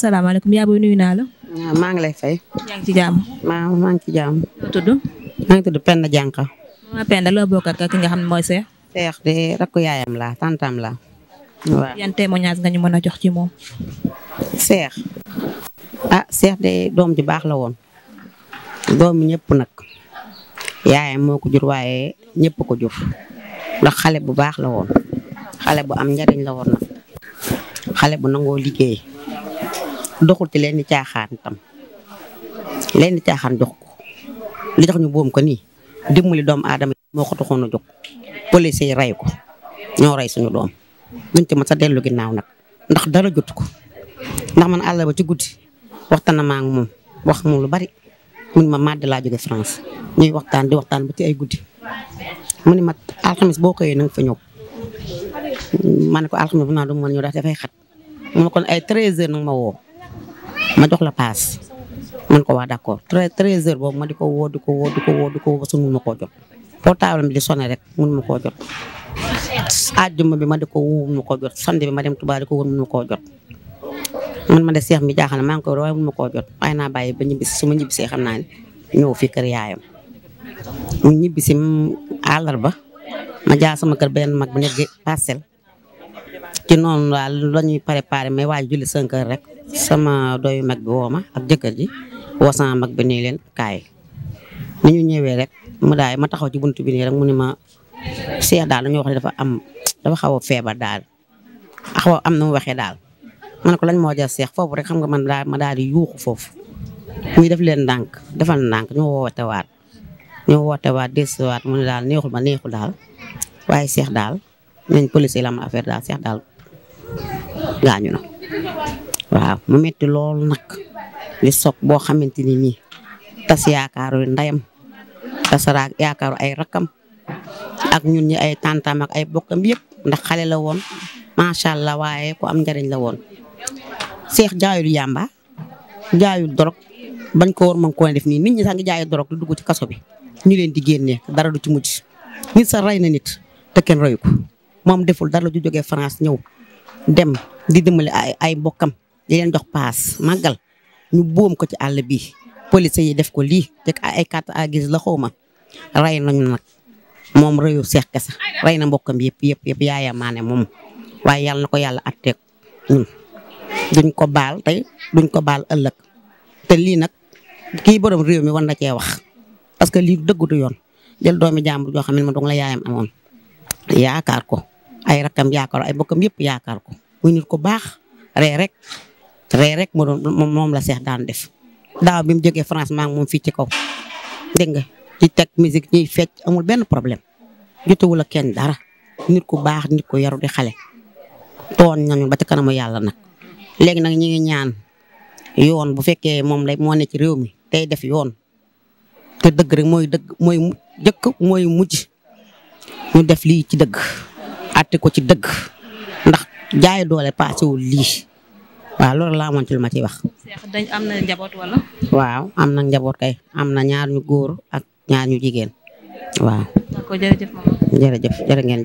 salaamaaleykum yaa booy nuyu naa la. maa ngi lay fay. yaa ngi ci jàmm. maa maa ngi ci jàmm. loo tudd. maa ngi tudd Penda Dianka. maa Penda loo bokk ak ki nga xam ne mooy Cheikh. Cheikh de rakku yaayam laa tantam laa. waaw yan témoignage nga ñu mën a jox ci moom. Cheikh. ah Cheikh de doom ju baax la woon. doomu ñëpp nag. yaayam moo ko jur waaye ñëpp ko jur. ndax xale bu baax la woon. xale bu am njariñ la woon nag. xale bu nangoo liggéey. doxul ci lenn caaxaan tam lenn caaxaan jox ko li tax ñu boom ko nii dimbali doomu aadama moo ko taxoon a jóg police yi rey ko ñoo rey suñu doom duñ te mën sa dellu ginnaaw nag ndax dara jot ko ndax man àll ba ci guddi waxtaan ma ak moom wax moom lu bari mu ne ma màdd laa jóge France ñuy waxtaan di waxtaan ba ci ay guddi mu ne ma alxames boo koy na nga fa ñëw ma ne ko alxames bu naa du mën ñëw ndax dafay xat mu kon ay 13 heures nag ma woo ma jox la paas man ko waa d'accord treize treize heures boobu ma di ko woo di ko woo di ko woo di ko woo ba suñu ma koo jot portable bi di sonné rek mun ma koo jot àjjuma bi ma di ko woo mun ma koo jot samedi bi ma dem Touba di ko woo mun ma koo jot man ma de seex mi jaaxal na maa ngi koy waaye mun ma koo jot waaye naa bàyyi ba ñibbisi su ma ñibbisee xam naa ne ñëw fii kër yaayam mu ñibbisi àllarba ma jaar sama kër benn mag bu nekk parcelle ci noonu daal la ñuy préparé mais waa julli cinq heures rek sama doyu mag bi woo ma ak jëkkër ji woo sama mag bi nii leen kaay ni ñu ñëwee rek mu daay ma taxaw ci bunt bi nii rek mu ne ma seex daal dañoo dafa am dafa xaw a feebar daal xaw am na mu waxee daal ma lañ moo jar seex foofu rek xam nga man daal ma daal di yuuxu foofu muy def leen ndànk defal ndànk ñu woote waat ñu woote waat desewaat mu daal neexul ma neexul daal waaye seex daal nañ police la ma affaire daal seex daal gaañu na waaw mu metti loolu nag li soog boo xamante ni nii tas yaakaaru ndayam tas yaakaaru ay rakam ak ñun ñi ay tantam ak ay bokkam yëpp ndax xale la woon macha allah waaye ku am njariñ la woon. seex jaayul yàmba jaayul dorog bañ ko war mën koo def nii nit ñi sax ngi jaayul dorog du dugg ci kaso bi ñu leen di génnee dara du ci mujj nit sax rey na nit te kenn reyu moom deful dara ju jógee France ñëw dem di dimbali ay ay bokkam. di leen jox paas boom ko ci àll bi police yi def ko lii te ay carte à gis la xaw ma rey nañu nag moom reyu seex kese rey na mbokkam yëpp yëpp yëpp yaaya maane moom waaye yàlla na ko yàlla atteek ñun duñ ko baal duñ ko baal ëllëg te lii nag kii borom réew mi war na cee wax parce que lii dëgg du yoon jël doomi jàmbur joo xam ne ma dong la yaayam amoon yaakaar ko ay rakkam yaakaar ay bokkam yëpp yaakaar ko muy nit ko baax ree ree rek mu doon moom la seex daan def daaw bi mu jógee France maa moom fii ci kaw dégg nga ci teg musique ñuy fecc amul benn problème jotewul ak kenn dara nit ku baax nit ku yaru di xale toon nañu ba ci kanamu yàlla nag léegi nag ñu ngi ñaan yoon bu fekkee moom lay moo ne ci réew mi tey def yoon te dëgg rek mooy dëgg mooy jëkk mooy mujj ñu def lii ci dëgg àtte ko ci dëgg ndax jaay doole paasewul lii waaw loolu laa amoon ci lu ma ciy wax. am na njaboot wala. waaw am na njaboot kay am na ñaar ñu góor ak ñaar ñu jigéen waaw. d'accord jërëjëf maman. jërëjëf ngeen.